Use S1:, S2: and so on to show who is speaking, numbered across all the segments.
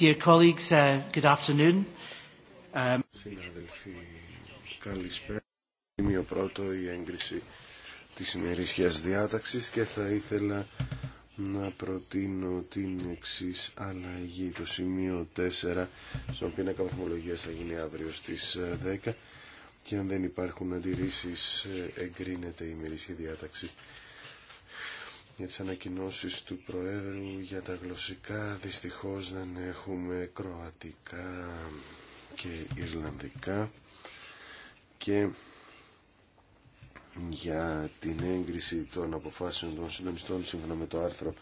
S1: Dear colleagues, uh, good afternoon. Um, Συνάδελφοι,
S2: καλησπέρα. Σημείο πρώτο η έγκριση της ημερήσιας διάταξης και θα ήθελα να προτείνω την εξή αλλαγή. Το σημείο 4, στον πίνακα βαθμολογία θα γίνει αύριο στις 10 ε, και αν δεν υπάρχουν αντιρρήσεις ε, εγκρίνεται η ημερήσια διάταξη για τις ανακοινώσεις του Προέδρου για τα γλωσσικά. Δυστυχώς δεν έχουμε κροατικά και Ιρλανδικά και για την έγκριση των αποφάσεων των συντονιστών σύμφωνα με το άρθρο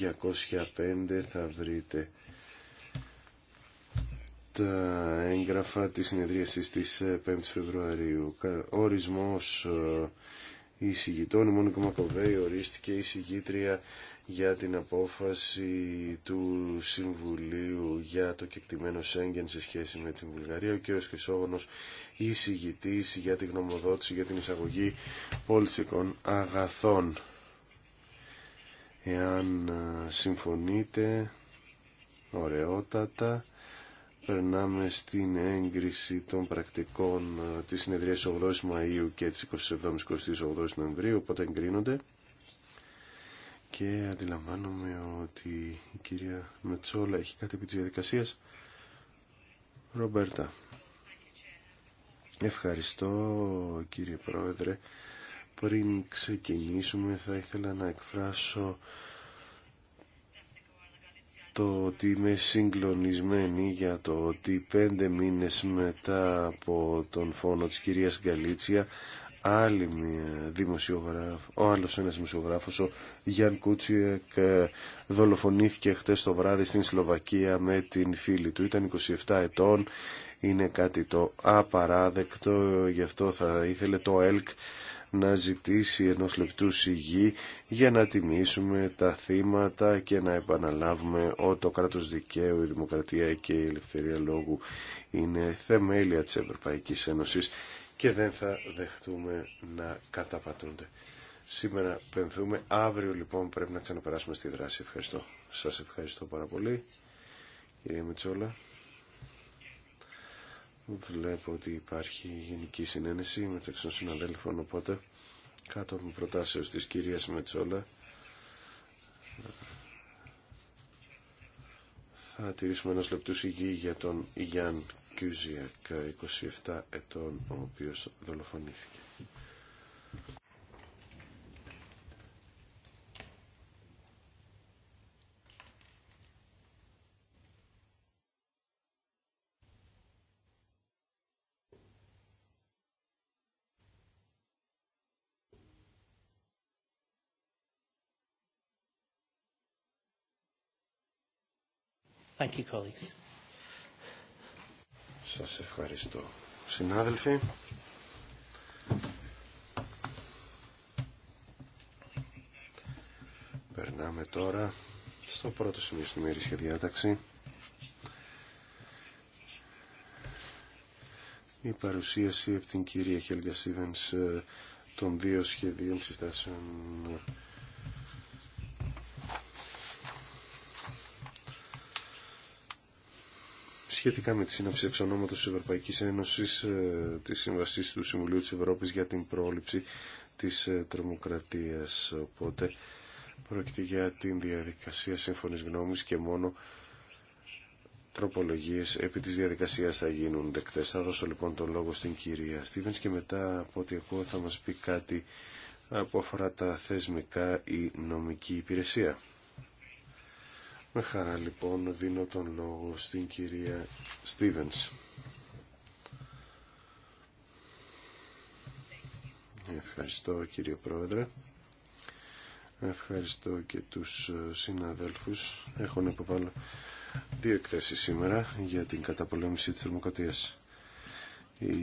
S2: 205 θα βρείτε τα έγγραφα της συνεδρίασης της 5ης Φεβρουαρίου. Ορισμός ε, εισηγητών. Η Μόνικο Μακοβέη ορίστηκε εισηγήτρια για την απόφαση του Συμβουλίου για το κεκτημένο Σέγγεν σε σχέση με την Βουλγαρία. και Ο κ. η εισηγητής για την γνωμοδότηση για την εισαγωγή πόλσικων αγαθών. Εάν συμφωνείτε, ωραιότατα, Περνάμε στην έγκριση των πρακτικών ε, της συνεδρίας 8 Μαΐου και της 27-28 Νοεμβρίου, οπότε εγκρίνονται. Και αντιλαμβάνομαι ότι η κυρία Μετσόλα έχει κάτι επί της διαδικασίας. Ρομπέρτα. Ευχαριστώ κύριε Πρόεδρε. Πριν ξεκινήσουμε θα ήθελα να εκφράσω το ότι είμαι συγκλονισμένη για το ότι πέντε μήνες μετά από τον φόνο της κυρίας Γκαλίτσια άλλη μια ο άλλος ένας δημοσιογράφος, ο Γιάν Κούτσιεκ ε, δολοφονήθηκε χτες το βράδυ στην Σλοβακία με την φίλη του. Ήταν 27 ετών, είναι κάτι το απαράδεκτο, γι' αυτό θα ήθελε το ΕΛΚ να ζητήσει ενός λεπτού σιγή για να τιμήσουμε τα θύματα και να επαναλάβουμε ότι το κράτος δικαίου, η δημοκρατία και η ελευθερία λόγου είναι θεμέλια της Ευρωπαϊκής Ένωσης και δεν θα δεχτούμε να καταπατούνται. Σήμερα πενθούμε, αύριο λοιπόν πρέπει να ξαναπεράσουμε στη δράση. Ευχαριστώ. Σας ευχαριστώ πάρα πολύ. Κύριε Μητσόλα. Βλέπω ότι υπάρχει γενική συνένεση μεταξύ των συναδέλφων, οπότε κάτω από προτάσεως της κυρίας Μετσόλα θα τηρήσουμε ένας λεπτούς υγιή για τον Γιάν Κιούζιακ, 27 ετών, ο οποίος δολοφονήθηκε. Σα Σας ευχαριστώ. Συνάδελφοι, περνάμε τώρα στο πρώτο σημείο στην ημερήσια διάταξη. Η παρουσίαση από την κυρία Χέλια Σίβενς ε, των δύο σχεδίων συστάσεων σχετικά με τη σύνοψη εξονόματος της Ευρωπαϊκής Ένωσης ε, της Συμβασής του Συμβουλίου της Ευρώπης για την πρόληψη της ε, τρομοκρατίας. Οπότε πρόκειται για την διαδικασία σύμφωνης γνώμης και μόνο τροπολογίες επί της διαδικασίας θα γίνουν δεκτές. Θα δώσω λοιπόν τον λόγο στην κυρία Στίβενς και μετά από ό,τι ακούω θα μας πει κάτι που αφορά τα θεσμικά ή νομική υπηρεσία. Με χαρά λοιπόν δίνω τον λόγο στην κυρία Στίβενς. Ευχαριστώ κύριε Πρόεδρε. Ευχαριστώ και τους ε, συναδέλφους. Έχω να υποβάλω δύο εκθέσεις σήμερα για την καταπολέμηση της θερμοκρατίας. Η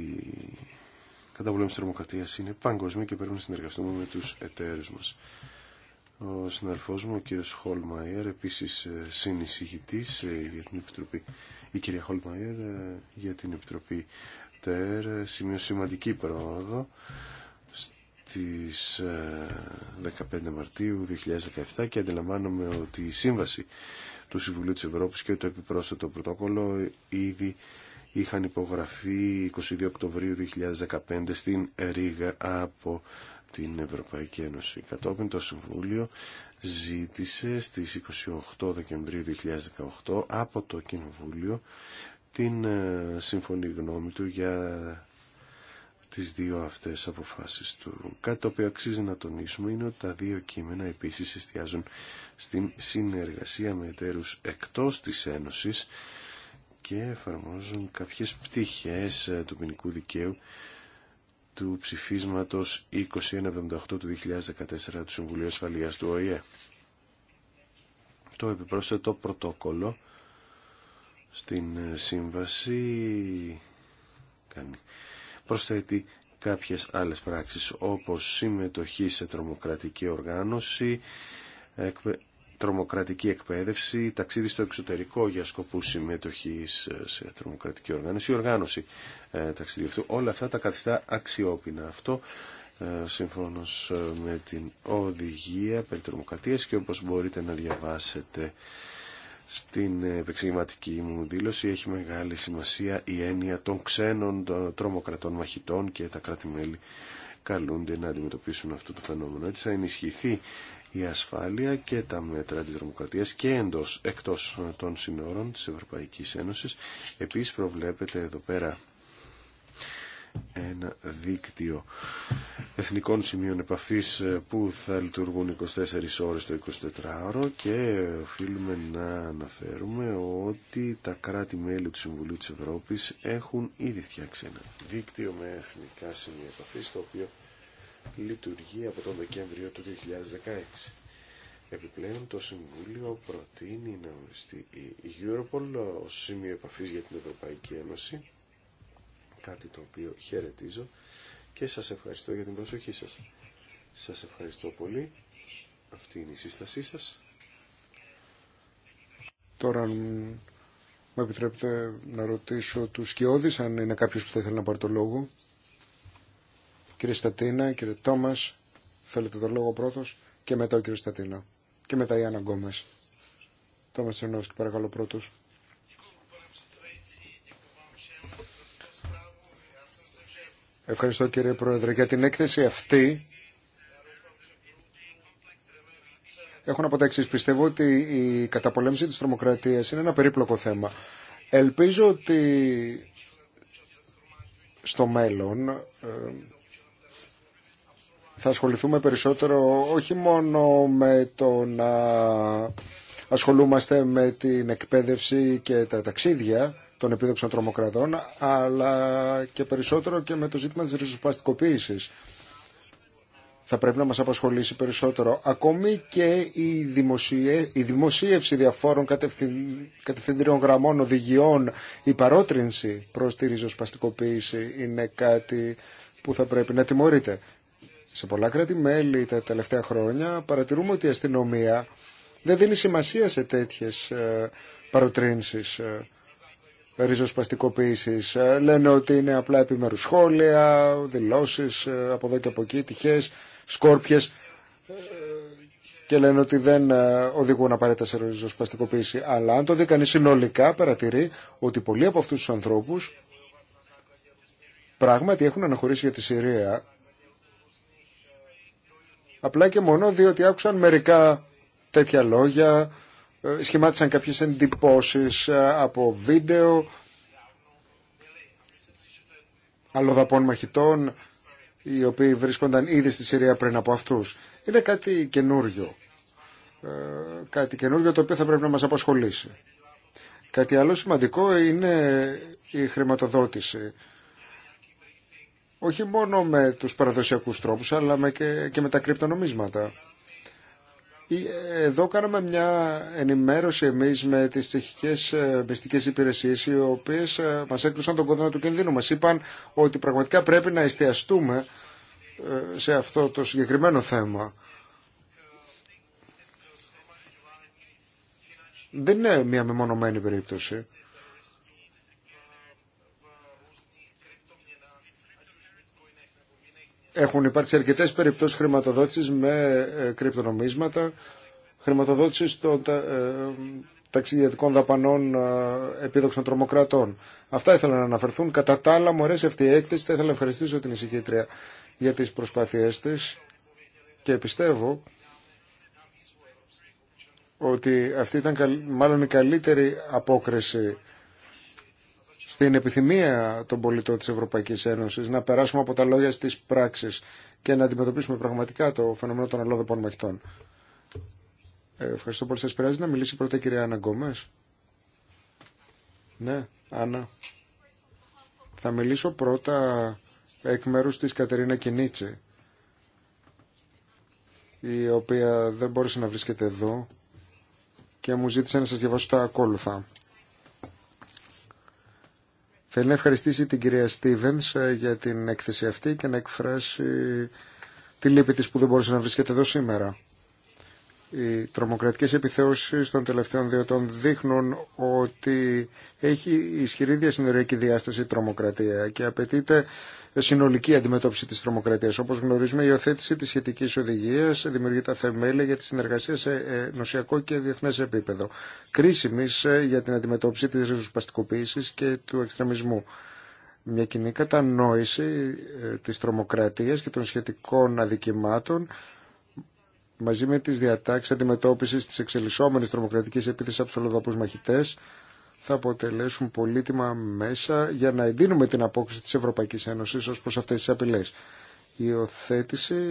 S2: καταπολέμηση της θερμοκρατίας είναι παγκοσμία και πρέπει να συνεργαστούμε με τους εταίρους μας. Ο συναδελφός μου, ο κύριος Χολμαϊερ, επίσης ε, συνεισηγητής ε, για την Επιτροπή, η κυρία Χολμαϊερ ε, για την Επιτροπή ΤΕΡ, σημείο σημαντική πρόοδο στις 15 Μαρτίου 2017 και αντιλαμβάνομαι ότι η σύμβαση του Συμβουλίου της Ευρώπης και το επιπρόσθετο πρωτόκολλο ήδη είχαν υπογραφεί 22 Οκτωβρίου 2015 στην Ρίγα από την Ευρωπαϊκή Ένωση. Κατόπιν το Συμβούλιο ζήτησε στις 28 Δεκεμβρίου 2018 από το Κοινοβούλιο την ε, σύμφωνη γνώμη του για τις δύο αυτές αποφάσεις του. Κάτι το οποίο αξίζει να τονίσουμε είναι ότι τα δύο κείμενα επίσης εστιάζουν στην συνεργασία με εταίρους εκτός της Ένωσης και εφαρμόζουν κάποιες πτυχές ε, του ποινικού δικαίου του ψηφίσματος 2178 του 2014 του Συμβουλίου Ασφαλείας του ΟΗΕ. Το επιπρόσθετο πρωτόκολλο στην ε, σύμβαση προσθέτει κάποιες άλλες πράξεις όπως συμμετοχή σε τρομοκρατική οργάνωση, τρομοκρατική εκπαίδευση, ταξίδι στο εξωτερικό για σκοπούς συμμετοχής ε, σε τρομοκρατική οργάνωση, η οργάνωση ε, Όλα αυτά τα καθιστά αξιόπινα. Αυτό ε, ε, με την οδηγία περί τρομοκρατίας και όπως μπορείτε να διαβάσετε στην επεξηγηματική μου δήλωση έχει μεγάλη σημασία η έννοια των ξένων των τρομοκρατών μαχητών και τα κράτη-μέλη καλούνται να αντιμετωπίσουν αυτό το φαινόμενο. Έτσι θα ενισχυθεί η ασφάλεια και τα μέτρα της και εντός, εκτός των συνόρων της Ευρωπαϊκής Ένωσης. Επίσης προβλέπεται εδώ πέρα ένα δίκτυο εθνικών σημείων επαφής ε, που θα λειτουργούν 24 ώρες το 24ωρο και οφείλουμε να αναφέρουμε ότι τα κράτη-μέλη του Συμβουλίου της Ευρώπης έχουν ήδη φτιάξει ένα δίκτυο με εθνικά σημεία επαφής το οποίο λειτουργεί από τον Δεκέμβριο του 2016. Επιπλέον το Συμβούλιο προτείνει να οριστεί η Europol ως σημείο επαφής για την Ευρωπαϊκή Ένωση, κάτι το οποίο χαιρετίζω και σας ευχαριστώ για την προσοχή σας. Σας ευχαριστώ πολύ. Αυτή είναι η σύστασή σας.
S1: Τώρα αν μου επιτρέπετε να ρωτήσω τους Σκιώδης αν είναι κάποιος που θα ήθελε να πάρει το λόγο. Κύριε Στατίνα, κύριε Τόμα, θέλετε τον λόγο πρώτο, και μετά ο κύριο Στατίνα και μετά η Άννα Γκόμε. Τόμα Τσενόφσκι, παρακαλώ πρώτος. Ευχαριστώ κύριε Πρόεδρε για την έκθεση αυτή. Έχω να πω τα εξής. Πιστεύω ότι η καταπολέμηση της τρομοκρατίας είναι ένα περίπλοκο θέμα. Ελπίζω ότι στο μέλλον ε, θα ασχοληθούμε περισσότερο όχι μόνο με το να ασχολούμαστε με την εκπαίδευση και τα ταξίδια των επίδοξων τρομοκρατών, αλλά και περισσότερο και με το ζήτημα της ριζοσπαστικοποίησης. Θα πρέπει να μας απασχολήσει περισσότερο. Ακόμη και η, η δημοσίευση διαφόρων κατευθυντήριων γραμμών, οδηγιών, η παρότρινση προς τη ριζοσπαστικοποίηση είναι κάτι που θα πρέπει να τιμωρείται. Σε πολλά κράτη-μέλη τα τελευταία χρόνια παρατηρούμε ότι η αστυνομία δεν δίνει σημασία σε τέτοιες ε, παροτρύνσεις ε, ριζοσπαστικοποίησης. Ε, λένε ότι είναι απλά επιμερουσχόλια, σχόλια, δηλώσεις από εδώ και από εκεί, τυχές, σκόρπιες και λένε ότι δεν οδηγούν απαραίτητα σε ριζοσπαστικοποίηση. Αλλά αν το δει κανείς συνολικά παρατηρεί ότι πολλοί από αυτούς τους ανθρώπους πράγματι έχουν αναχωρήσει για τη Συρία Απλά και μόνο διότι άκουσαν μερικά τέτοια λόγια, ε, σχημάτισαν κάποιες εντυπώσεις ε, από βίντεο, αλλοδαπών μαχητών, οι οποίοι βρίσκονταν ήδη στη Συρία πριν από αυτούς. Είναι κάτι καινούριο. Ε, κάτι καινούριο το οποίο θα πρέπει να μας απασχολήσει. Κάτι άλλο σημαντικό είναι η χρηματοδότηση όχι μόνο με τους παραδοσιακούς τρόπους αλλά με και, και με τα κρυπτονομίσματα. Εδώ κάναμε μια ενημέρωση εμείς με τις τσεχικές ε, μυστικές υπηρεσίες οι οποίες ε, μας έκλουσαν τον κόδωνα του κινδύνου. Μας είπαν ότι πραγματικά πρέπει να εστιαστούμε ε, σε αυτό το συγκεκριμένο θέμα. Δεν είναι μια μεμονωμένη περίπτωση. Έχουν υπάρξει αρκετές περιπτώσεις χρηματοδότησης με ε, κρυπτονομίσματα, χρηματοδότησης των ε, ταξιδιωτικών δαπανών ε, επίδοξων τρομοκρατών. Αυτά ήθελα να αναφερθούν. Κατά τα άλλα, μου αυτή η έκθεση. Θα ήθελα να ευχαριστήσω την εισηγήτρια για τις προσπάθειές της και πιστεύω ότι αυτή ήταν μάλλον η καλύτερη απόκριση στην επιθυμία των πολιτών της Ευρωπαϊκής Ένωσης να περάσουμε από τα λόγια στις πράξεις και να αντιμετωπίσουμε πραγματικά το φαινόμενο των αλλοδοπών μαχητών. Ε, ευχαριστώ πολύ. Σας πειράζει να μιλήσει πρώτα η κυρία Άννα Γκόμες. Ναι, Άννα. Θα μιλήσω πρώτα εκ μέρους της Κατερίνα Κινίτση, η οποία δεν μπόρεσε να βρίσκεται εδώ και μου ζήτησε να σας διαβάσω τα ακόλουθα. Θέλει να ευχαριστήσει την κυρία Στίβενς ε, για την έκθεση αυτή και να εκφράσει τη λύπη της που δεν μπορούσε να βρίσκεται εδώ σήμερα. Οι τρομοκρατικές επιθέωσεις των τελευταίων δύο ετών δείχνουν ότι έχει ισχυρή διασυνοριακή διάσταση τρομοκρατία και απαιτείται συνολική αντιμετώπιση της τρομοκρατίας. Όπως γνωρίζουμε, η υιοθέτηση της σχετικής οδηγίας δημιουργεί τα θεμέλια για τη συνεργασία σε ε, νοσιακό και διεθνές επίπεδο, κρίσιμης ε, για την αντιμετώπιση της ριζοσπαστικοποίησης και του εξτρεμισμού μια κοινή κατανόηση ε, της τρομοκρατίας και των σχετικών αδικημάτων μαζί με τι διατάξει αντιμετώπιση τη εξελισσόμενη τρομοκρατική επίθεση από του ολοδόπου μαχητέ, θα αποτελέσουν πολύτιμα μέσα για να εντείνουμε την απόκριση τη Ευρωπαϊκή Ένωση ω προ αυτέ τι απειλέ. Η υιοθέτηση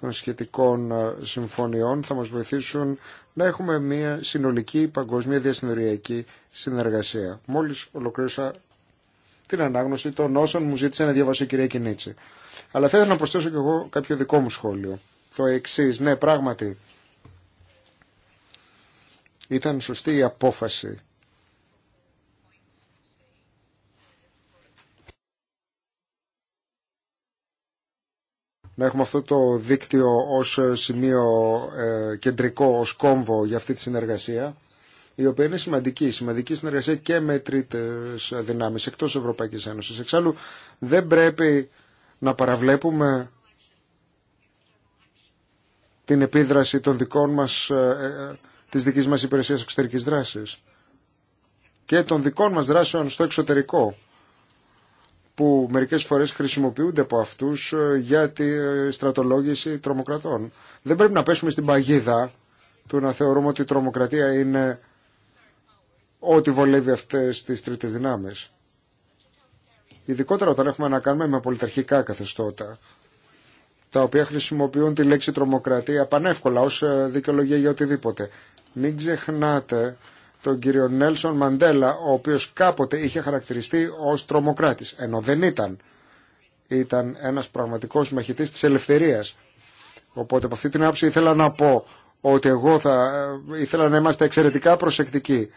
S1: των σχετικών ε, συμφωνιών θα μας βοηθήσουν να έχουμε μια συνολική παγκόσμια διασυνοριακή συνεργασία. Μόλις ολοκλήρωσα την ανάγνωση των όσων μου ζήτησε να διαβάσω η κυρία Κινίτση. Αλλά θα να προσθέσω και εγώ κάποιο δικό μου σχόλιο το εξή. Ναι, πράγματι, ήταν σωστή η απόφαση να έχουμε αυτό το δίκτυο ως σημείο ε, κεντρικό, ως κόμβο για αυτή τη συνεργασία, η οποία είναι σημαντική, σημαντική συνεργασία και με τρίτες δυνάμεις εκτός Ευρωπαϊκής Ένωσης. Εξάλλου δεν πρέπει να παραβλέπουμε την επίδραση των δικών μας, ε, ε, της δικής μας υπηρεσίας εξωτερικής δράσης και των δικών μας δράσεων στο εξωτερικό που μερικές φορές χρησιμοποιούνται από αυτούς ε, για τη στρατολόγηση τρομοκρατών. Δεν πρέπει να πέσουμε στην παγίδα του να θεωρούμε ότι η τρομοκρατία είναι ό,τι βολεύει αυτές τις τρίτες δυνάμεις. Ειδικότερα όταν έχουμε να κάνουμε με πολιταρχικά καθεστώτα τα οποία χρησιμοποιούν τη λέξη τρομοκρατία πανεύκολα ως ε, δικαιολογία για οτιδήποτε. Μην ξεχνάτε τον κύριο Νέλσον Μαντέλα, ο οποίος κάποτε είχε χαρακτηριστεί ως τρομοκράτης, ενώ δεν ήταν. Ήταν ένας πραγματικός μαχητής της ελευθερίας. Οπότε από αυτή την άποψη ήθελα να πω ότι εγώ θα ε, ήθελα να είμαστε εξαιρετικά προσεκτικοί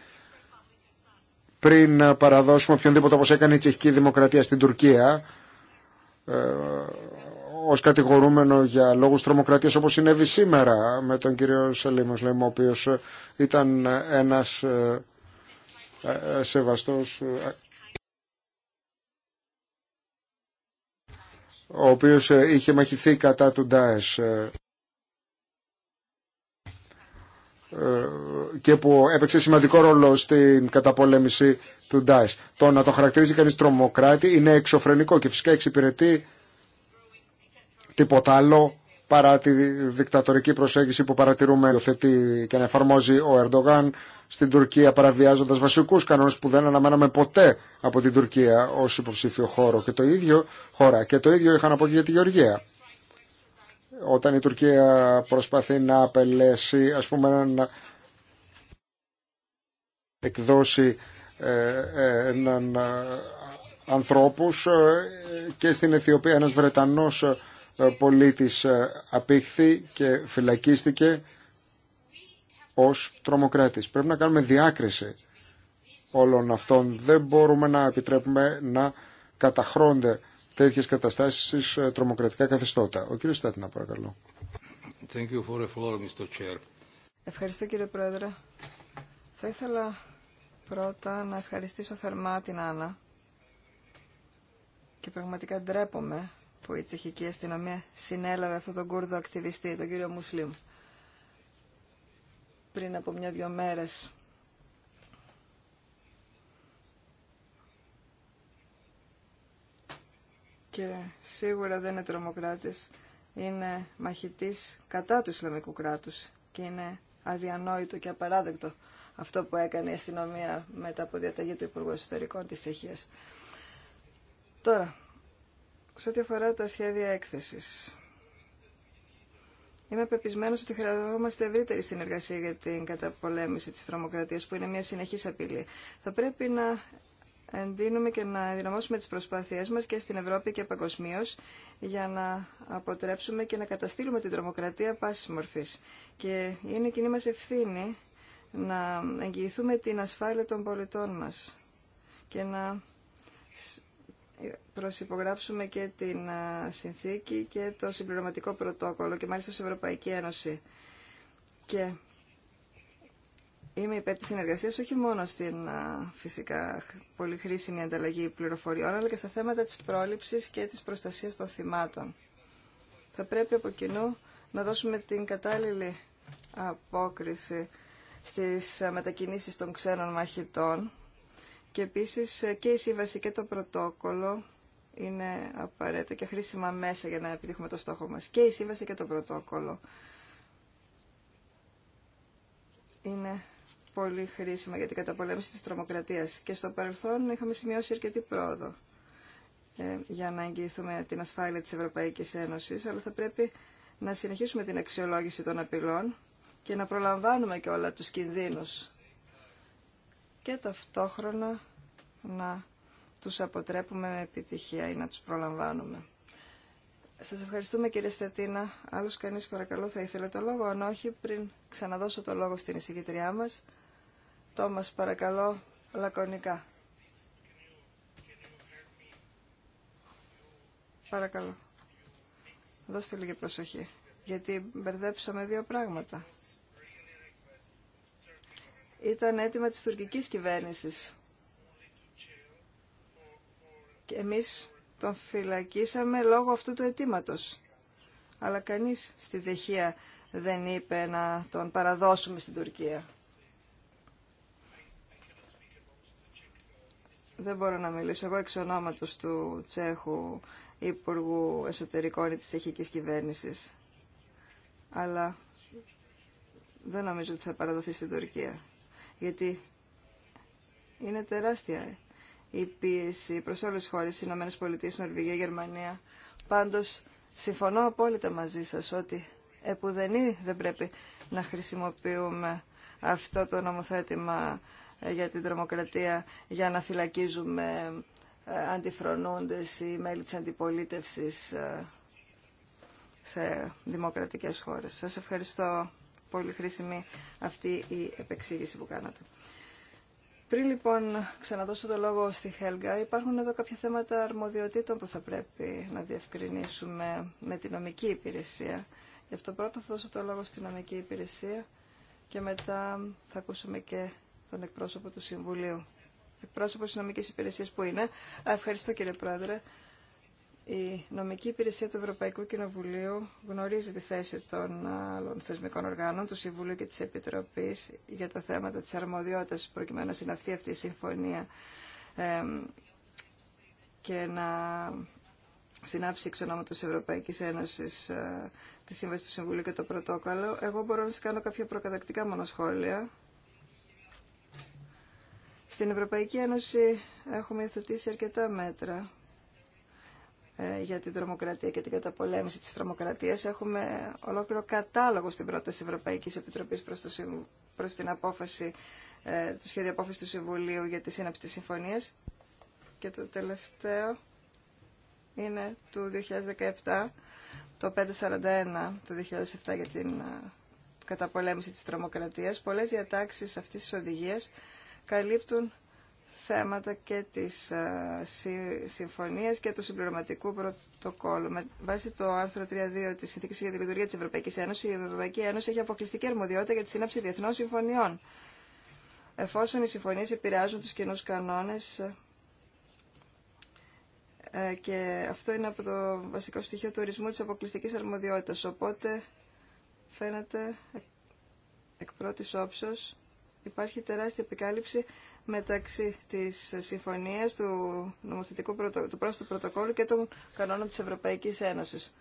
S1: πριν ε, παραδώσουμε οποιονδήποτε όπως έκανε η τσεχική δημοκρατία στην Τουρκία ως κατηγορούμενο για λόγους τρομοκρατίας όπως συνέβη σήμερα με τον κύριο Σελίμος λέμε, ο οποίος ε, ήταν ε, ένας ε, σεβαστός ο οποίος είχε μαχηθεί κατά του Ντάες και που έπαιξε σημαντικό ρόλο στην καταπολέμηση του Ντάις. Το να τον χαρακτηρίζει κανείς τρομοκράτη είναι εξωφρενικό και φυσικά εξυπηρετεί τίποτα άλλο παρά τη δικτατορική προσέγγιση που παρατηρούμε υιοθετεί και να εφαρμόζει ο Ερντογάν στην Τουρκία παραβιάζοντας βασικούς κανόνες που δεν αναμέναμε ποτέ από την Τουρκία ως υποψήφιο χώρο και το ίδιο χώρα και το ίδιο είχαν από για τη Γεωργία όταν η Τουρκία προσπαθεί να απελέσει ας πούμε να εκδώσει έναν ε, ε, ε, ανθρώπους και στην Αιθιοπία ένας Βρετανός ε, πολίτης ε, απήχθη και φυλακίστηκε ως τρομοκράτης. Πρέπει να κάνουμε διάκριση όλων αυτών. Δεν μπορούμε να επιτρέπουμε να καταχρώνται τέτοιες καταστάσεις ε, τρομοκρατικά καθεστώτα. Ο κύριος Στάτινα, παρακαλώ.
S2: Thank you for floor, Mr. Chair.
S3: Ευχαριστώ κύριε Πρόεδρε. Θα ήθελα πρώτα να ευχαριστήσω θερμά την Άννα και πραγματικά ντρέπομαι που η τσεχική αστυνομία συνέλαβε αυτόν τον Κούρδο ακτιβιστή, τον κύριο Μουσλίμ, πριν από μια-δυο μέρες. Και σίγουρα δεν είναι τρομοκράτης, είναι μαχητής κατά του Ισλαμικού κράτους και είναι αδιανόητο και απαράδεκτο αυτό που έκανε η αστυνομία μετά από διαταγή του Υπουργού Εσωτερικών της Τσεχίας. Τώρα, σε ό,τι αφορά τα σχέδια έκθεσης. Είμαι πεπισμένος ότι χρειαζόμαστε ευρύτερη συνεργασία για την καταπολέμηση της τρομοκρατίας, που είναι μια συνεχής απειλή. Θα πρέπει να εντείνουμε και να ενδυναμώσουμε τις προσπάθειές μας και στην Ευρώπη και παγκοσμίω για να αποτρέψουμε και να καταστήλουμε την τρομοκρατία πάσης μορφής. Και είναι κοινή μας ευθύνη να εγγυηθούμε την ασφάλεια των πολιτών μας και να προσυπογράψουμε και την συνθήκη και το συμπληρωματικό πρωτόκολλο και μάλιστα σε Ευρωπαϊκή Ένωση. Και είμαι υπέρ της συνεργασίας όχι μόνο στην φυσικά πολύ χρήσιμη ανταλλαγή πληροφοριών αλλά και στα θέματα της πρόληψης και της προστασίας των θυμάτων. Θα πρέπει από κοινού να δώσουμε την κατάλληλη απόκριση στις μετακινήσεις των ξένων μαχητών και επίσης ε, και η σύμβαση και το πρωτόκολλο είναι απαραίτητα και χρήσιμα μέσα για να επιτύχουμε το στόχο μας. Και η σύμβαση και το πρωτόκολλο είναι πολύ χρήσιμα για την καταπολέμηση της τρομοκρατίας. Και στο παρελθόν είχαμε σημειώσει αρκετή πρόοδο ε, για να εγγυηθούμε την ασφάλεια της Ευρωπαϊκής Ένωσης, αλλά θα πρέπει να συνεχίσουμε την αξιολόγηση των απειλών και να προλαμβάνουμε και όλα τους κινδύνους και ταυτόχρονα να τους αποτρέπουμε με επιτυχία ή να τους προλαμβάνουμε. Σας ευχαριστούμε κύριε Στετίνα. Άλλος κανείς παρακαλώ θα ήθελε το λόγο. Αν όχι, πριν ξαναδώσω το λόγο στην εισηγητριά μας. Τόμας παρακαλώ λακωνικά. Παρακαλώ. Δώστε λίγη προσοχή. Γιατί μπερδέψαμε δύο πράγματα ήταν αίτημα της τουρκικής κυβέρνησης. Και εμείς τον φυλακίσαμε λόγω αυτού του αιτήματο. Αλλά κανείς στη Τσεχία δεν είπε να τον παραδώσουμε στην Τουρκία. Δεν μπορώ να μιλήσω εγώ εξ ονόματος του Τσέχου Υπουργού Εσωτερικών ή της Τσεχικής Κυβέρνησης. Αλλά δεν νομίζω ότι θα παραδοθεί στην Τουρκία γιατί είναι τεράστια η πίεση προς όλες τις χώρες, Ηνωμένες Πολιτείες, Νορβηγία, Γερμανία. Πάντως, συμφωνώ απόλυτα μαζί σας ότι επουδενή δεν πρέπει να χρησιμοποιούμε αυτό το νομοθέτημα ε, για την τρομοκρατία για να φυλακίζουμε ε, αντιφρονούντες ή μέλη της αντιπολίτευσης ε, σε δημοκρατικές χώρες. Σας ευχαριστώ πολύ χρήσιμη αυτή η επεξήγηση που κάνατε. Πριν λοιπόν ξαναδώσω το λόγο στη Χέλγα, υπάρχουν εδώ κάποια θέματα αρμοδιοτήτων που θα πρέπει να διευκρινίσουμε με τη νομική υπηρεσία. Γι' αυτό πρώτα θα δώσω το λόγο στη νομική υπηρεσία και μετά θα ακούσουμε και τον εκπρόσωπο του Συμβουλίου. Εκπρόσωπο τη νομική υπηρεσία που είναι. Ευχαριστώ κύριε Πρόεδρε. Η νομική υπηρεσία του Ευρωπαϊκού Κοινοβουλίου γνωρίζει τη θέση των άλλων θεσμικών οργάνων, του Συμβουλίου και της Επιτροπής για τα θέματα της αρμοδιότητας προκειμένου να συναυθεί αυτή η συμφωνία και να συνάψει εξ ονόματο τη Ευρωπαϊκή Ένωση ε, τη Σύμβαση του Συμβουλίου και το Πρωτόκολλο. Εγώ μπορώ να σα κάνω κάποια προκατακτικά μονοσχόλια. Στην Ευρωπαϊκή Ένωση έχουμε υιοθετήσει αρκετά μέτρα ε, για την τρομοκρατία και την καταπολέμηση της τρομοκρατίας. Έχουμε ολόκληρο κατάλογο στην πρόταση Ευρωπαϊκής Επιτροπής προς, το, προς την απόφαση, ε, το σχέδιο απόφαση του Συμβουλίου για τη σύναψη της συμφωνίας. Και το τελευταίο είναι του 2017, το 541 του 2007 για την ε, καταπολέμηση της τρομοκρατίας. Πολλές διατάξεις αυτής της οδηγίας καλύπτουν θέματα και της ε, συμφωνίας και του συμπληρωματικού πρωτοκόλλου. Με βάση το άρθρο 3.2 της Συνθήκης για τη Λειτουργία της Ευρωπαϊκής Ένωσης, η Ευρωπαϊκή Ένωση έχει αποκλειστική αρμοδιότητα για τη σύναψη διεθνών συμφωνιών. Εφόσον οι συμφωνίες επηρεάζουν τους κοινούς κανόνες ε, και αυτό είναι από το βασικό στοιχείο του ορισμού της αποκλειστικής αρμοδιότητας. Οπότε φαίνεται εκ πρώτης όψεως υπάρχει τεράστια επικάλυψη μεταξύ της συμφωνίας του νομοθετικού του πρόσθετου πρωτοκόλλου και των κανόνων της Ευρωπαϊκής Ένωσης.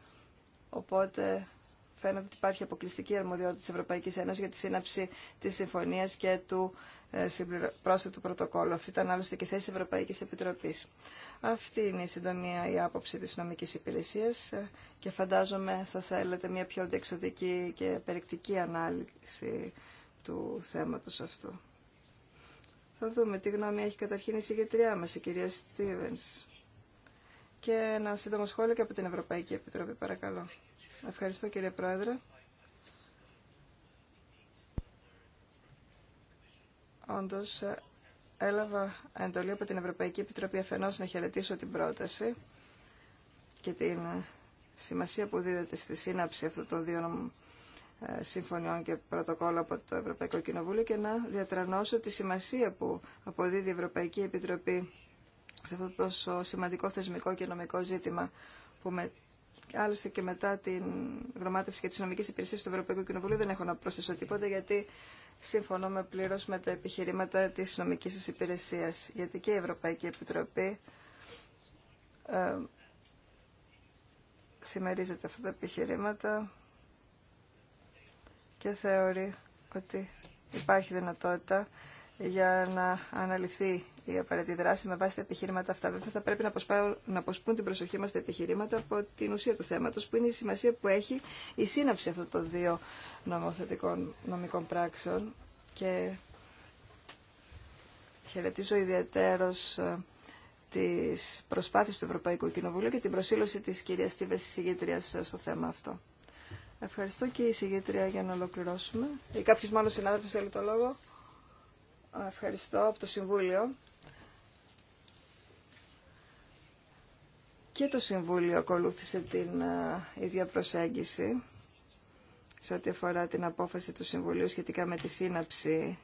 S3: Οπότε φαίνεται ότι υπάρχει αποκλειστική αρμοδιότητα της Ευρωπαϊκής Ένωσης για τη σύναψη της συμφωνίας και του ε, πρόσθετου πρωτοκόλλου. Αυτή ήταν άλλωστε και θέση Ευρωπαϊκής Επιτροπής. Αυτή είναι η συντομία η άποψη της νομικής υπηρεσίας ε, και φαντάζομαι θα θέλετε μια πιο διεξοδική και περιεκτική ανάλυση του θέματος αυτού. Θα δούμε τι γνώμη έχει καταρχήν η συγκεκριά μας, η κυρία Στίβενς. Και ένα σύντομο σχόλιο και από την Ευρωπαϊκή Επιτροπή, παρακαλώ. Ευχαριστώ κύριε Πρόεδρε. Όντως, έλαβα εντολή από την Ευρωπαϊκή Επιτροπή αφενός να χαιρετήσω την πρόταση και την σημασία που δίδεται στη σύναψη αυτών των δύο ε, συμφωνιών και πρωτοκόλλου από το Ευρωπαϊκό Κοινοβούλιο και να διατρανώσω τη σημασία που αποδίδει η Ευρωπαϊκή Επιτροπή σε αυτό το τόσο σημαντικό θεσμικό και νομικό ζήτημα που με, άλλωστε και μετά την γραμμάτευση και τις νομικές υπηρεσίες του Ευρωπαϊκού Κοινοβουλίου δεν έχω να προσθέσω τίποτα γιατί συμφωνώ με πλήρως με τα επιχειρήματα της νομικής σας υπηρεσίας γιατί και η Ευρωπαϊκή Επιτροπή ε, συμμερίζεται αυτά τα επιχειρήματα και θεωρεί ότι υπάρχει δυνατότητα για να αναλυθεί η απαραίτητη δράση με βάση τα επιχειρήματα αυτά. Βέβαια, θα πρέπει να, αποσπούν την προσοχή μα τα επιχειρήματα από την ουσία του θέματο, που είναι η σημασία που έχει η σύναψη αυτών των δύο νομοθετικών νομικών πράξεων. Και χαιρετίζω ιδιαίτερω ε, τι προσπάθειε του Ευρωπαϊκού Κοινοβουλίου και την προσήλωση τη κυρία Στίβε, συγγήτρια, ε, στο θέμα αυτό. Ευχαριστώ και η συγγετρία για να ολοκληρώσουμε. Ή κάποιος μάλλον συνάδελφος θέλει το λόγο. Ευχαριστώ από το Συμβούλιο. Και το Συμβούλιο ακολούθησε την ίδια προσέγγιση σε ό,τι αφορά την απόφαση του Συμβουλίου σχετικά με τη σύναψη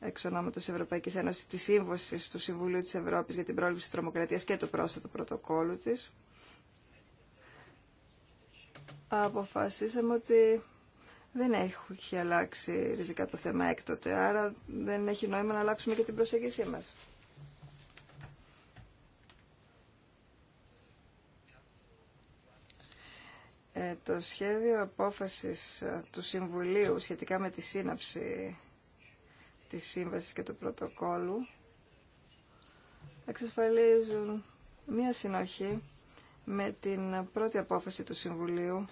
S3: εξ ονόματος Ευρωπαϊκής Ένωσης της Σύμβασης του Συμβουλίου της Ευρώπης για την πρόληψη της τρομοκρατίας και του πρόσθετου πρωτοκόλου της αποφασίσαμε ότι δεν έχει αλλάξει ριζικά το θέμα έκτοτε, άρα δεν έχει νόημα να αλλάξουμε και την προσέγγιση μας. Ε, το σχέδιο απόφασης ε, του Συμβουλίου σχετικά με τη σύναψη της Σύμβασης και του Πρωτοκόλου εξασφαλίζουν μία συνοχή με την πρώτη απόφαση του Συμβουλίου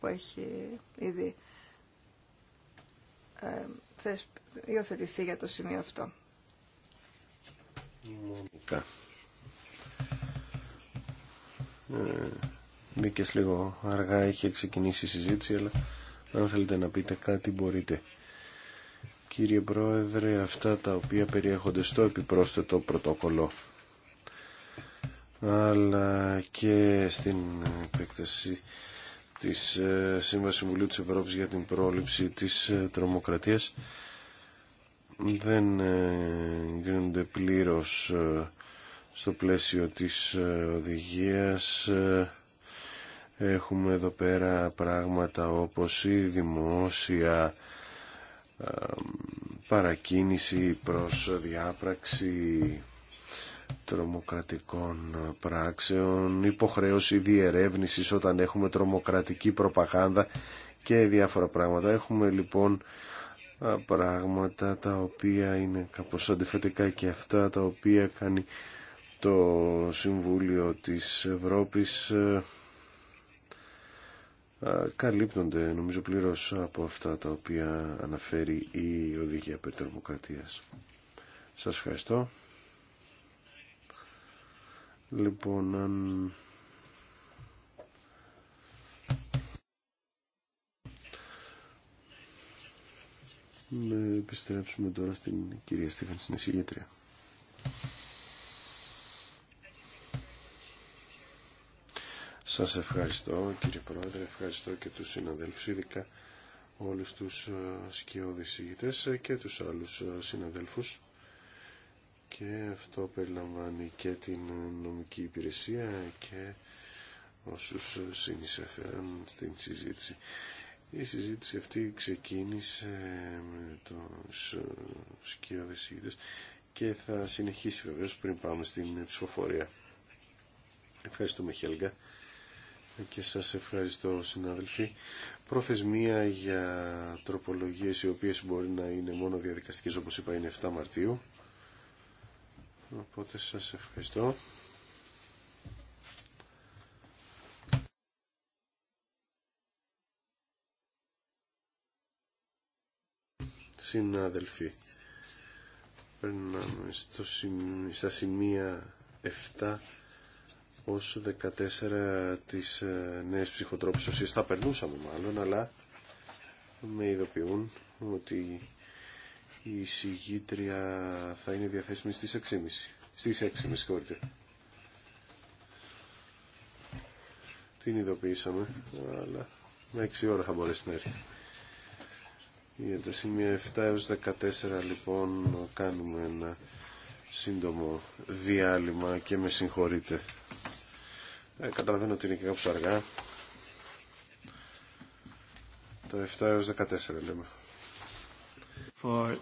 S3: που έχει ήδη ε, υιοθετηθεί για το σημείο αυτό.
S2: Μονικά. Ε, λίγο αργά, είχε ξεκινήσει η συζήτηση, αλλά αν θέλετε να πείτε κάτι μπορείτε. Κύριε Πρόεδρε, αυτά τα οποία περιέχονται στο επιπρόσθετο πρωτόκολλο αλλά και στην επέκταση της ε, Σύμβασης Συμβουλίου της Ευρώπης για την πρόληψη της ε, τρομοκρατίας δεν ε, γίνονται πλήρως στο πλαίσιο της οδηγίας. Έχουμε εδώ πέρα πράγματα όπως η δημόσια παρακίνηση προς διάπραξη τρομοκρατικών πράξεων, υποχρέωση διερεύνησης όταν έχουμε τρομοκρατική προπαγάνδα και διάφορα πράγματα. Έχουμε λοιπόν πράγματα τα οποία είναι κάπως αντιφατικά και αυτά τα οποία κάνει το Συμβούλιο της Ευρώπης ε, καλύπτονται νομίζω πλήρως από αυτά τα οποία αναφέρει η Οδηγία Περιτρομοκρατίας. Σας ευχαριστώ. Λοιπόν, αν... Να επιστρέψουμε τώρα στην κυρία Στίφαν, στην εισηγήτρια. Σας ευχαριστώ κύριε Πρόεδρε, ευχαριστώ και τους συναδέλφους, ειδικά όλους τους ε, σκιώδης και τους άλλους ε, συναδέλφους και αυτό περιλαμβάνει και την νομική υπηρεσία και όσους συνεισέφεραν στην συζήτηση. Η συζήτηση αυτή ξεκίνησε με τους ε, σκιώδες και θα συνεχίσει βεβαίως πριν πάμε στην ψηφοφορία. Ευχαριστούμε Χέλγα και σας ευχαριστώ συνάδελφοι. Προθεσμία για τροπολογίες οι οποίες μπορεί να είναι μόνο διαδικαστικές όπως είπα είναι 7 Μαρτίου. Οπότε σας ευχαριστώ. Συνάδελφοι, περνάμε στο, στα σημεία 7 ως 14 της ε, νέες ψυχοτρόπης ουσίας. Θα περνούσαμε μάλλον, αλλά με ειδοποιούν ότι η συγγήτρια θα είναι διαθέσιμη στις 6.30. Στις 6.30, Την ειδοποιήσαμε, αλλά με 6 ώρα θα μπορέσει να έρθει. Για τα 7 έως 14 λοιπόν κάνουμε ένα σύντομο διάλειμμα και με συγχωρείτε. Ε, καταλαβαίνω ότι είναι και κάπως αργά. Τα 7 έως 14 λέμε. Uh,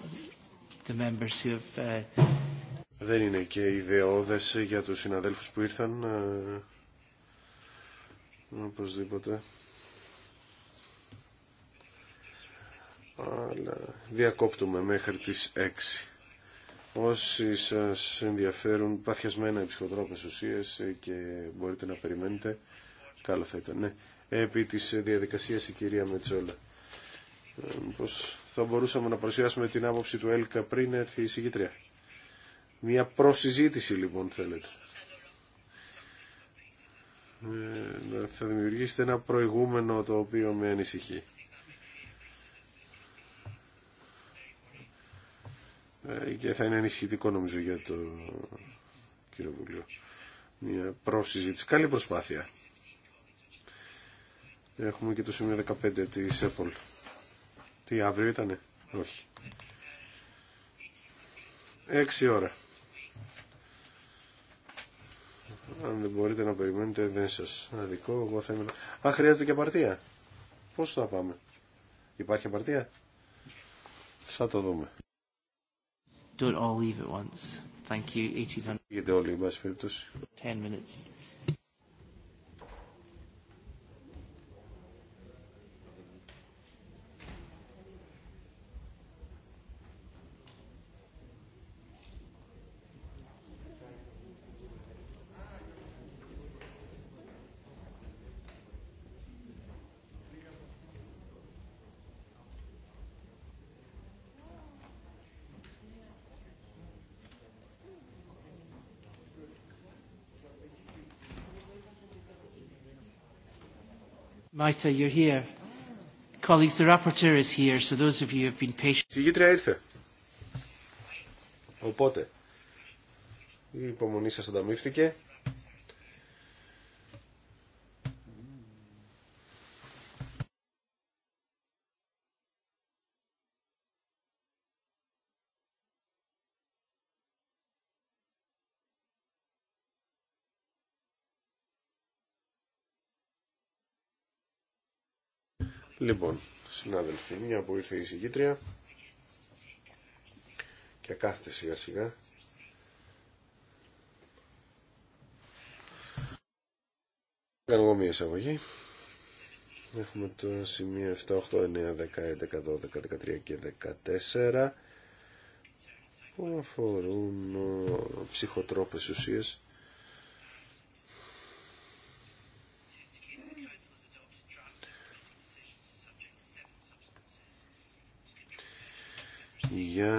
S2: Δεν είναι και ιδεώδες για τους συναδέλφους που ήρθαν. Ε, οπωσδήποτε. Αλλά διακόπτουμε μέχρι τις 6. Όσοι σας ενδιαφέρουν παθιασμένα οι ψυχοτρόπες ουσίες και μπορείτε να περιμένετε, καλό θα ήταν. Ναι. Επί της διαδικασίας η κυρία Μετσόλα. Ε, πως θα μπορούσαμε να παρουσιάσουμε την άποψη του ΕΛΚΑ πριν έρθει η συγκητρία. Μια προσυζήτηση λοιπόν θέλετε. Ε, θα δημιουργήσετε ένα προηγούμενο το οποίο με ανησυχεί. Ε, και θα είναι ανησυχητικό νομίζω για το Κοινοβουλίο. Μια προσυζήτηση. Καλή προσπάθεια. Έχουμε και το σημείο 15 της Apple. Τι αύριο ήτανε. Όχι. Έξι ώρα. Αν δεν μπορείτε να περιμένετε δεν σας αδικό. Εγώ θα είμαι... Α, χρειάζεται και απαρτία. Πώς θα πάμε. Υπάρχει απαρτία. Θα το δούμε.
S1: Don't all leave at once. Thank you. 1800. the
S2: όλοι, εν πάση περιπτώσει. 10 minutes.
S1: Μάιτα, you're here. Colleagues, the rapporteur is here, so those of you who have been patient. Συγγήτρια ήρθε.
S2: Οπότε, η υπομονή σας ανταμείφθηκε. Λοιπόν, συνάδελφοι, μια που ήρθε η συγκήτρια και κάθεται σιγά σιγά. Κάνω εγώ μια εισαγωγή. Έχουμε το σημείο 7, 8, 9, 10, 11, 12, 13 και 14 που αφορούν ε, ψυχοτρόπες ουσίες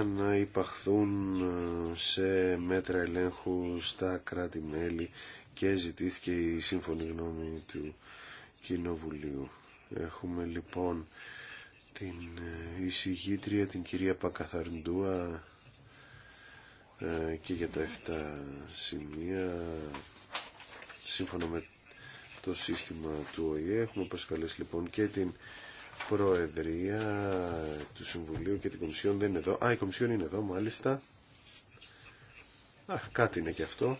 S2: να υπαχθούν ε, σε μέτρα ελέγχου στα κράτη-μέλη και ζητήθηκε η σύμφωνη γνώμη του Κοινοβουλίου. Έχουμε λοιπόν την ε, εισηγήτρια, την κυρία Πακαθαρντούα ε, και για τα 7 σημεία σύμφωνα με το σύστημα του ΟΗΕ. Έχουμε προσκαλέσει λοιπόν και την Προεδρία του Συμβουλίου και την Κομισιόν δεν είναι εδώ. Α, η Κομισιόν είναι εδώ, μάλιστα. Α, κάτι είναι και αυτό.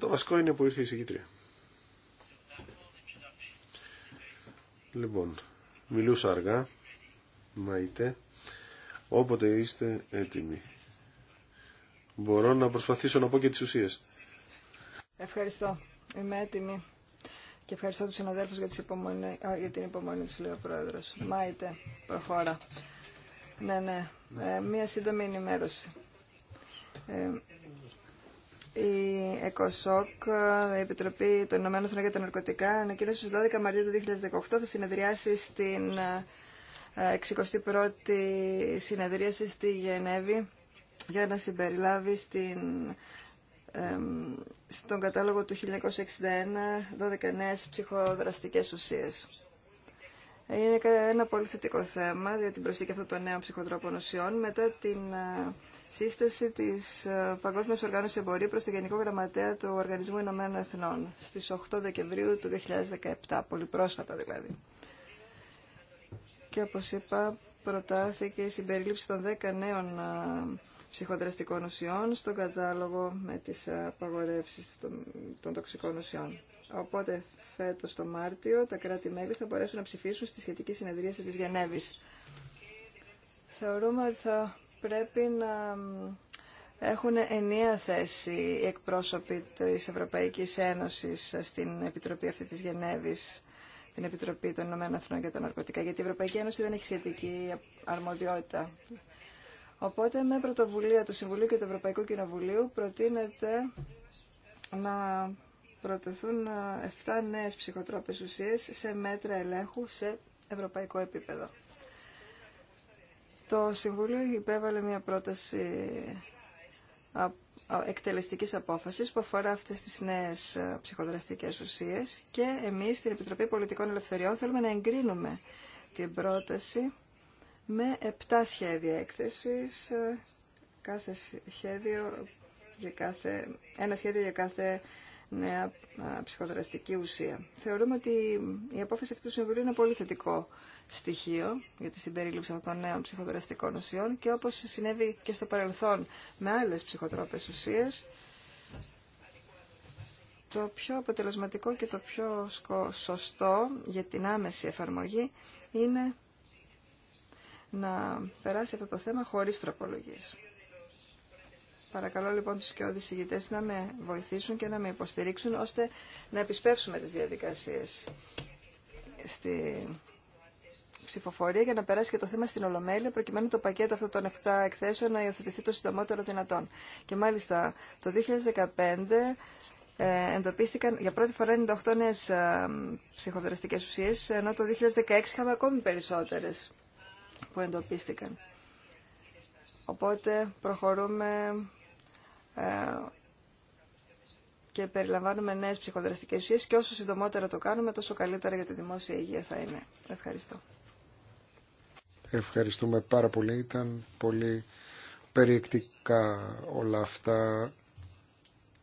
S2: Το βασικό είναι που ήρθε η συγκήτρια. Λοιπόν, μιλούσα αργά, μα είτε, όποτε είστε έτοιμοι. Μπορώ να προσπαθήσω να πω και τις ουσίες.
S3: Ευχαριστώ. Είμαι έτοιμη. Και ευχαριστώ τους συναδέλφους για, υπομονή, για την υπομονή του, λέει ο Πρόεδρος. Μάιτε, προχώρα. Ναι, ναι. Ε, μία σύντομη ενημέρωση. Ε, η ΕΚΟΣΟΚ, η Επιτροπή των Ηνωμένων Εθνών για τα Ναρκωτικά, ανακοίνωσε στις 12 Μαρτίου του 2018 θα συνεδριάσει στην 61η ε, συνεδρίαση στη Γενέβη για να συμπεριλάβει στην στον κατάλογο του 1961 12 νέες ψυχοδραστικές ουσίες. Είναι ένα πολύ θετικό θέμα για την προσθήκη αυτών των νέων ψυχοτρόπων ουσιών μετά την ε, σύσταση της ε, Παγκόσμιας Οργάνωσης Εμπορίου προς το Γενικό Γραμματέα του Οργανισμού Ηνωμένων Εθνών στις 8 Δεκεμβρίου του 2017, πολύ πρόσφατα δηλαδή. Και όπως είπα, προτάθηκε η συμπερίληψη των 10 νέων ε, ψυχοδραστικών ουσιών στον κατάλογο με τις απαγορεύσεις των τοξικών ουσιών. Οπότε φέτος το Μάρτιο τα κράτη-μέλη θα μπορέσουν να ψηφίσουν στη σχετική συνεδρίαση της Γενέβης. Θεωρούμε ότι θα πρέπει να έχουν ενία θέση οι εκπρόσωποι της Ευρωπαϊκής Ένωσης στην Επιτροπή αυτή της Γενέβης, την Επιτροπή των Ηνωμένων Εθνών για τα Ναρκωτικά, γιατί η Ευρωπαϊκή Ένωση δεν έχει σχετική αρμοδιότητα Οπότε με πρωτοβουλία του Συμβουλίου και του Ευρωπαϊκού Κοινοβουλίου προτείνεται να προτεθούν 7 ε, νέες ψυχοτρόπες ουσίες σε μέτρα ελέγχου σε ευρωπαϊκό επίπεδο. Το Συμβούλιο υπέβαλε μια πρόταση εκτελεστικής απόφασης που αφορά αυτές τις νέες ε, ψυχοδραστικές ουσίες και εμείς στην Επιτροπή Πολιτικών Ελευθεριών θέλουμε να εγκρίνουμε την πρόταση με επτά σχέδια έκθεσης, ε, κάθε σχέδιο για κάθε, ένα σχέδιο για κάθε νέα ψυχοδραστική ουσία. Θεωρούμε ότι η απόφαση αυτού του Συμβουλίου είναι πολύ θετικό στοιχείο για τη συμπερίληψη αυτών των νέων ψυχοδραστικών ουσιών και όπως συνέβη και στο παρελθόν με άλλες ψυχοτρόπες ουσίες, το πιο αποτελεσματικό και το πιο σωστό για την άμεση εφαρμογή είναι να περάσει αυτό το θέμα χωρίς τροπολογίες. Παρακαλώ λοιπόν τους και οδησηγητές να με βοηθήσουν και να με υποστηρίξουν ώστε να επισπεύσουμε τις διαδικασίες στη ψηφοφορία για να περάσει και το θέμα στην Ολομέλεια προκειμένου το πακέτο αυτών των 7 εκθέσεων να υιοθετηθεί το συντομότερο δυνατόν. Και μάλιστα το 2015 ε, εντοπίστηκαν για πρώτη φορά 98 νέες ε, ψυχοδραστικές ουσίες ενώ το 2016 είχαμε ακόμη περισσότερες που εντοπίστηκαν. Οπότε προχωρούμε ε, και περιλαμβάνουμε νέες ψυχοδραστικές ουσίες και όσο συντομότερα το κάνουμε τόσο καλύτερα για τη δημόσια υγεία θα είναι. Ευχαριστώ.
S1: Ευχαριστούμε πάρα πολύ. Ήταν πολύ περιεκτικά όλα αυτά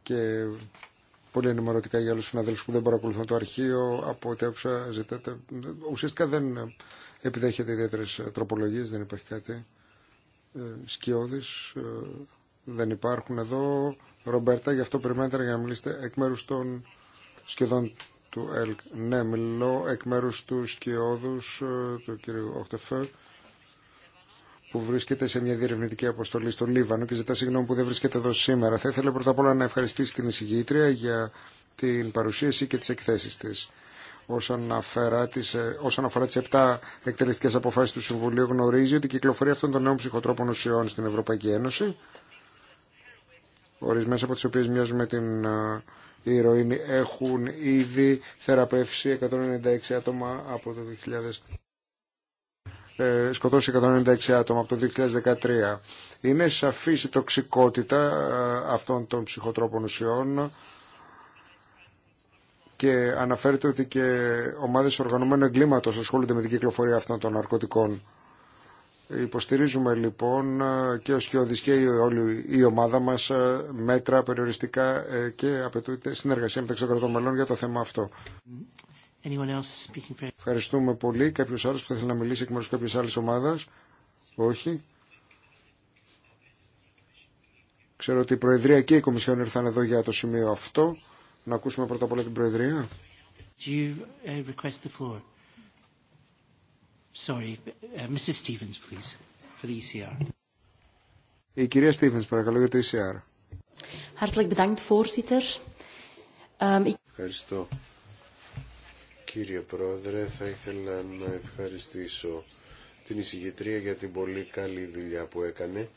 S1: και πολύ ενημερωτικά για του συναδέλφου που δεν παρακολουθούν το αρχείο, από ό,τι άκουσα ζητάτε. Ουσιαστικά δεν επιδέχεται ιδιαίτερε τροπολογίε. δεν υπάρχει κάτι. Ε, ε, δεν υπάρχουν εδώ. Ρομπέρτα, γι' αυτό περιμένετε για να μιλήσετε εκ μέρου των σχεδόν του ΕΛΚ. Ναι, μιλώ εκ μέρου του σκιώδους, ε, του κ. Οχτεφέ που βρίσκεται σε μια διερευνητική αποστολή στο Λίβανο και ζητά συγγνώμη που δεν βρίσκεται εδώ σήμερα. Θα ήθελα πρώτα απ' όλα να ευχαριστήσει την εισηγήτρια για την παρουσίαση και τις εκθέσεις της. Όσον ε, αφορά, τις, όσον 7 εκτελεστικές αποφάσεις του Συμβουλίου γνωρίζει ότι η κυκλοφορία αυτών των νέων ψυχοτρόπων ουσιών στην Ευρωπαϊκή Ένωση Ορισμένε από τις οποίες μοιάζουν με την ε, ηρωίνη έχουν ήδη θεραπεύσει 196 άτομα από το 2000. Ε, σκοτώσει 196 άτομα από το 2013. Είναι σαφής η τοξικότητα ε, αυτών των ψυχοτρόπων ουσιών και αναφέρεται ότι και ομάδες οργανωμένου εγκλήματος ασχολούνται με την κυκλοφορία αυτών των ναρκωτικών. Υποστηρίζουμε λοιπόν ε, και ο Σκιώδης και όλη η ομάδα μας μέτρα περιοριστικά και απαιτούνται συνεργασία μεταξύ των κρατών μελών για το θέμα αυτό. Ευχαριστούμε πολύ. Κάποιο άλλο που θέλει να μιλήσει εκ μέρου κάποια άλλη ομάδα. Όχι. Ξέρω ότι η Προεδρία και η Κομισιόν ήρθαν εδώ για το σημείο αυτό. Να ακούσουμε πρώτα απ' όλα την Προεδρία. Do you uh, request the floor? Sorry, uh, Mrs. Stevens, please, for the ECR. Η κυρία Στίβενς, παρακαλώ, για το ECR.
S3: Hartelijk bedankt, voorzitter. Ehm,
S2: Ευχαριστώ, Κύριε Πρόεδρε, θα ήθελα να ευχαριστήσω την εισηγητρία για την πολύ καλή δουλειά που έκανε.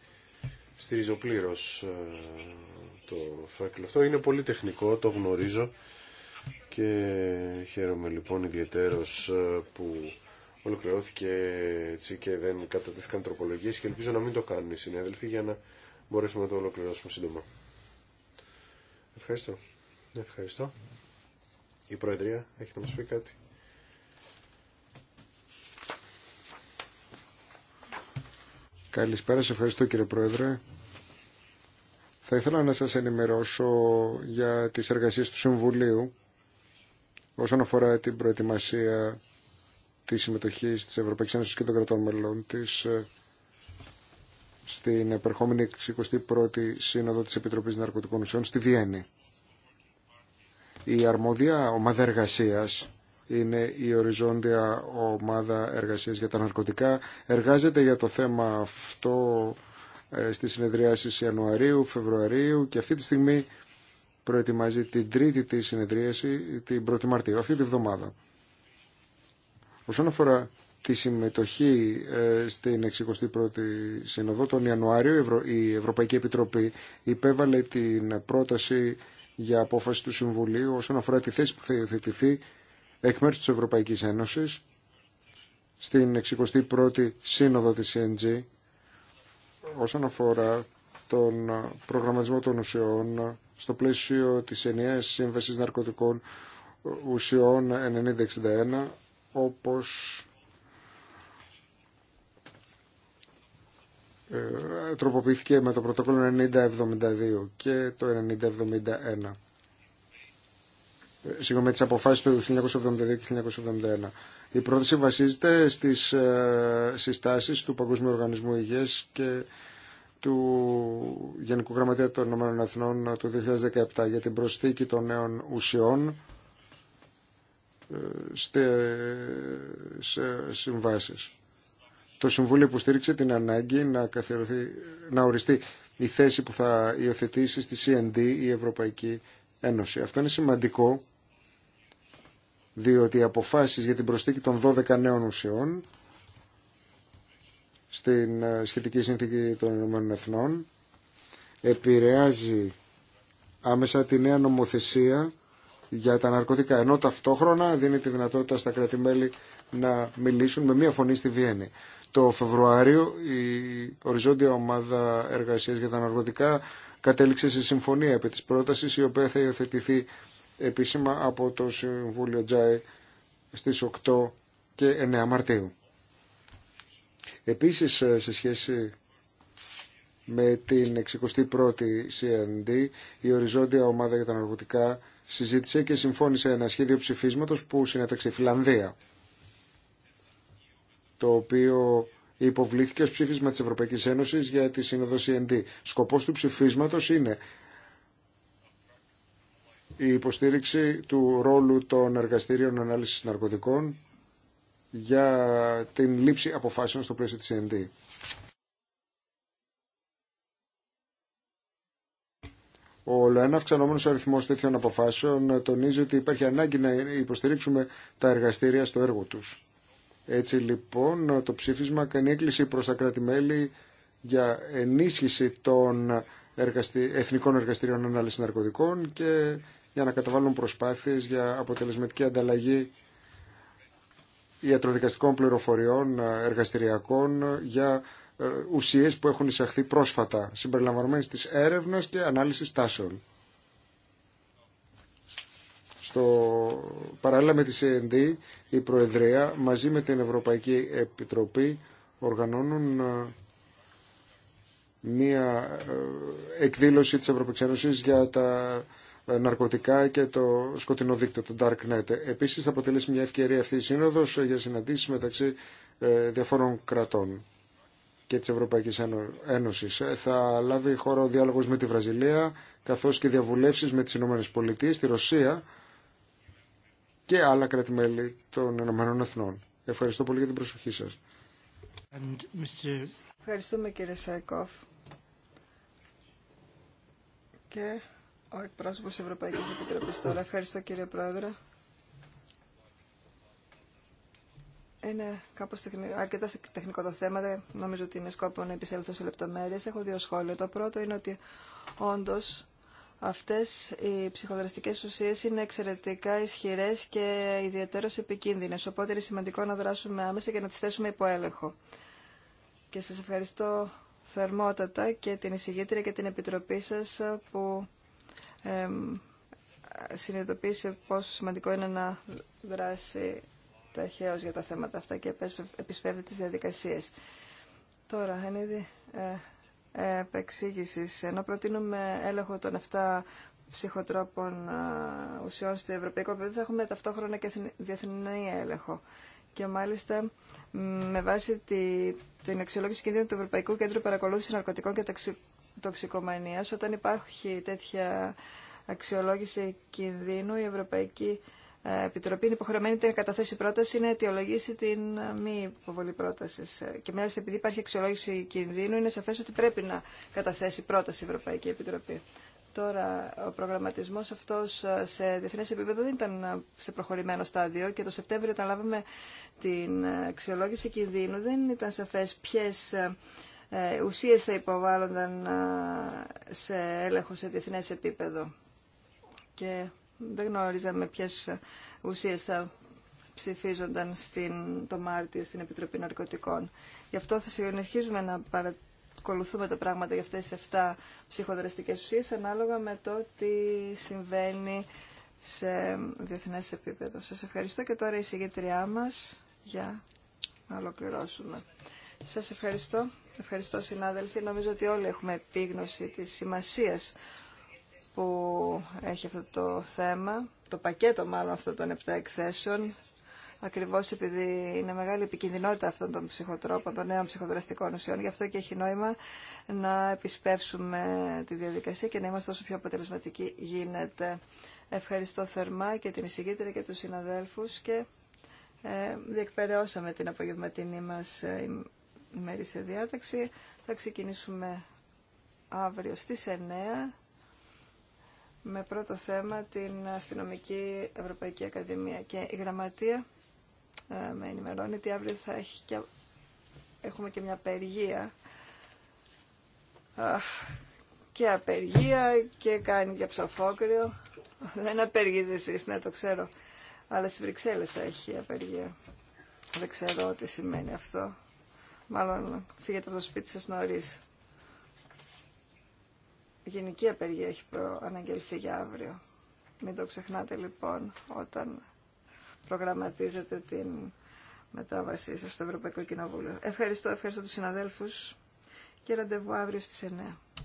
S2: Στηρίζω πλήρω ε, το φάκελο αυτό. Είναι πολύ τεχνικό, το γνωρίζω και χαίρομαι λοιπόν ιδιαίτερος ε, που ολοκληρώθηκε έτσι και δεν κατατέθηκαν τροπολογίες και ελπίζω να μην το κάνουν οι συνέδελφοι για να μπορέσουμε να το ολοκληρώσουμε σύντομα. Ευχαριστώ. Ευχαριστώ. Η Προεδρία έχει να μας πει κάτι.
S1: Καλησπέρα, σε ευχαριστώ κύριε Πρόεδρε. Θα ήθελα να σας ενημερώσω για τις εργασίες του Συμβουλίου όσον αφορά την προετοιμασία της συμμετοχής της Ευρωπαϊκής Ένωσης και των κρατών μελών της ε, στην επερχόμενη 61η Σύνοδο της Επιτροπής Ναρκωτικών Ουσιών στη Βιέννη. Η αρμόδια ομάδα εργασία είναι η οριζόντια ομάδα εργασίας για τα ναρκωτικά. Εργάζεται για το θέμα αυτό ε, στις συνεδριάσει Ιανουαρίου, Φεβρουαρίου και αυτή τη στιγμή προετοιμάζει την τρίτη τη συνεδρίαση, την 1η Μαρτίου, αυτή τη βδομάδα. Όσον αφορά τη συμμετοχή ε, στην 61η Συνοδό τον Ιανουάριο, η Ευρωπαϊκή Επιτροπή υπέβαλε την πρόταση για απόφαση του Συμβουλίου όσον αφορά τη θέση που θα υιοθετηθεί εκ μέρους της Ευρωπαϊκής Ένωσης στην 61η Σύνοδο της CNG όσον αφορά τον προγραμματισμό των ουσιών στο πλαίσιο της ενιαίας σύμβασης ναρκωτικών ουσιών 9061 όπως Ε, τροποποιήθηκε με το πρωτόκολλο 9072 και το 9071. Ε, συγγνώμη, με τις αποφάσεις του 1972 και 1971. Η πρόταση βασίζεται στις ε, συστάσεις του Παγκόσμιου Οργανισμού Υγείας και του Γενικού Γραμματέα των Ηνωμένων Εθνών το 2017 για την προσθήκη των νέων ουσιών σε συμβάσεις. Το Συμβούλιο υποστήριξε την ανάγκη να, να οριστεί η θέση που θα υιοθετήσει στη CND η Ευρωπαϊκή Ένωση. Αυτό είναι σημαντικό διότι οι αποφάσεις για την προσθήκη των 12 νέων ουσιών στην ε, σχετική συνθήκη των Ηνωμένων Εθνών επηρεάζει άμεσα τη νέα νομοθεσία για τα ναρκωτικά, ενώ ταυτόχρονα δίνει τη δυνατότητα στα κράτη-μέλη να μιλήσουν με μία φωνή στη Βιέννη. Το Φεβρουάριο η οριζόντια ομάδα εργασίας για τα ναρκωτικά κατέληξε σε συμφωνία επί της πρότασης η οποία θα υιοθετηθεί επίσημα από το Συμβούλιο Τζάι στις 8 και 9 Μαρτίου. Επίσης σε σχέση με την 61η CND η οριζόντια ομάδα για τα ναρκωτικά συζήτησε και συμφώνησε ένα σχέδιο ψηφίσματος που συνέταξε η Φιλανδία, το οποίο υποβλήθηκε ως ψήφισμα της Ευρωπαϊκής Ένωσης για τη Σύνοδο CND. Σκοπός του ψηφίσματος είναι η υποστήριξη του ρόλου των εργαστήριων ανάλυσης ναρκωτικών για την λήψη αποφάσεων στο πλαίσιο της CND. Ο ένα αυξανόμενο αριθμό τέτοιων αποφάσεων ε, τονίζει ότι υπάρχει ανάγκη να υποστηρίξουμε τα εργαστήρια στο έργο του. Έτσι λοιπόν ε, το ψήφισμα κάνει έκκληση προ τα κράτη-μέλη για ενίσχυση των εθνικών εργαστηρίων ανάλυση ναρκωτικών και για να καταβάλουν προσπάθειες για αποτελεσματική ανταλλαγή ιατροδικαστικών πληροφοριών ε, εργαστηριακών για ε, ουσίες που έχουν εισαχθεί πρόσφατα, συμπεριλαμβανομένες της έρευνας και ανάλυσης τάσεων. Στο, παράλληλα με τη CND, η Προεδρία μαζί με την Ευρωπαϊκή Επιτροπή οργανώνουν ε, μία ε, εκδήλωση της Ευρωπαϊκής Ένωσης για τα ναρκωτικά και το σκοτεινό δίκτυο, το Darknet. Επίσης θα αποτελέσει μια ευκαιρία αυτή η σύνοδος για συναντήσεις μεταξύ διαφόρων κρατών και της Ευρωπαϊκής Ένωσης. Ε, θα λάβει χώρο ο διάλογος με τη Βραζιλία, καθώς και διαβουλεύσεις με τις Ηνωμένες Πολιτείες, τη Ρωσία και άλλα κράτη-μέλη των Ηνωμένων Εθνών. Ευχαριστώ πολύ για την προσοχή σας. And
S3: Ευχαριστούμε κύριε Σαϊκόφ. Και ο εκπρόσωπος Ευρωπαϊκής Επιτροπής τώρα. Ευχαριστώ κύριε Πρόεδρε. Είναι κάπως τεχνικό, αρκετά τεχνικό το θέμα, δεν νομίζω ότι είναι σκόπο να επισέλθω σε λεπτομέρειες. Έχω δύο σχόλια. Το πρώτο είναι ότι όντως αυτές οι ψυχοδραστικές ουσίες είναι εξαιρετικά ισχυρές και ιδιαίτερως επικίνδυνες, οπότε είναι σημαντικό να δράσουμε άμεσα και να τις θέσουμε υπό έλεγχο. Και σας ευχαριστώ θερμότατα και την εισηγήτρια και την επιτροπή σας που ε, συνειδητοποίησε πόσο σημαντικό είναι να δράσει ταχαίως για τα θέματα αυτά και επισπεύδει τις διαδικασίες. Τώρα, εν είδη ε, ε επεξήγησης, ενώ προτείνουμε έλεγχο των 7 ψυχοτρόπων ε, ουσιών στο ευρωπαϊκό επίπεδο, θα έχουμε ταυτόχρονα και διεθνή έλεγχο. Και μάλιστα με βάση τη, την αξιολόγηση κινδύνου του Ευρωπαϊκού Κέντρου Παρακολούθησης Ναρκωτικών και Τοξικομανίας, όταν υπάρχει τέτοια αξιολόγηση κινδύνου, η Ευρωπαϊκή ε, Επιτροπή είναι υποχρεωμένη να καταθέσει πρόταση να αιτιολογήσει την ε, μη υποβολή πρόταση. Ε, και μάλιστα επειδή υπάρχει αξιολόγηση κινδύνου, είναι σαφέ ότι πρέπει να καταθέσει πρόταση η Ευρωπαϊκή Επιτροπή. Τώρα, ο προγραμματισμό αυτό σε διεθνέ επίπεδο δεν ήταν σε προχωρημένο στάδιο και το Σεπτέμβριο, όταν λάβαμε την αξιολόγηση κινδύνου, δεν ήταν σαφέ ποιε ουσίε θα υποβάλλονταν σε έλεγχο σε διεθνέ επίπεδο. Και δεν γνώριζαμε ποιε ουσίε θα ψηφίζονταν στην, το Μάρτιο στην Επιτροπή Ναρκωτικών. Γι' αυτό θα συνεχίζουμε να παρακολουθούμε τα πράγματα για αυτές τις 7 ψυχοδραστικές ουσίες ανάλογα με το τι συμβαίνει σε διεθνές επίπεδο. Σας ευχαριστώ και τώρα η συγγετριά μας για να ολοκληρώσουμε. Σας ευχαριστώ. Ευχαριστώ συνάδελφοι. Νομίζω ότι όλοι έχουμε επίγνωση της σημασίας που έχει αυτό το θέμα, το πακέτο μάλλον αυτών των επτά εκθέσεων, ακριβώς επειδή είναι μεγάλη επικινδυνότητα αυτών των ψυχοτρόπων, των νέων ψυχοδραστικών ουσιών, γι' αυτό και έχει νόημα να επισπεύσουμε τη διαδικασία και να είμαστε όσο πιο αποτελεσματικοί γίνεται. Ευχαριστώ θερμά και την εισηγήτρια και τους συναδέλφους και ε, διεκπαιρεώσαμε την απογευματινή μας σε διάταξη. Θα ξεκινήσουμε αύριο στις 9 με πρώτο θέμα την Αστυνομική Ευρωπαϊκή Ακαδημία. Και η Γραμματεία ε, με ενημερώνει ότι αύριο θα έχει και... έχουμε και μια απεργία και απεργία και κάνει και ψαφόκριο. Δεν απεργείτε εσείς, ναι το ξέρω. Αλλά στις Βρυξέλλες θα έχει απεργία. Δεν ξέρω τι σημαίνει αυτό. Μάλλον φύγετε από το σπίτι σας νωρίς γενική απεργία έχει προαναγγελθεί για αύριο. Μην το ξεχνάτε λοιπόν όταν προγραμματίζετε την μετάβασή σας στο Ευρωπαϊκό Κοινοβούλιο. Ευχαριστώ, ευχαριστώ τους συναδέλφους και ραντεβού αύριο στις 9.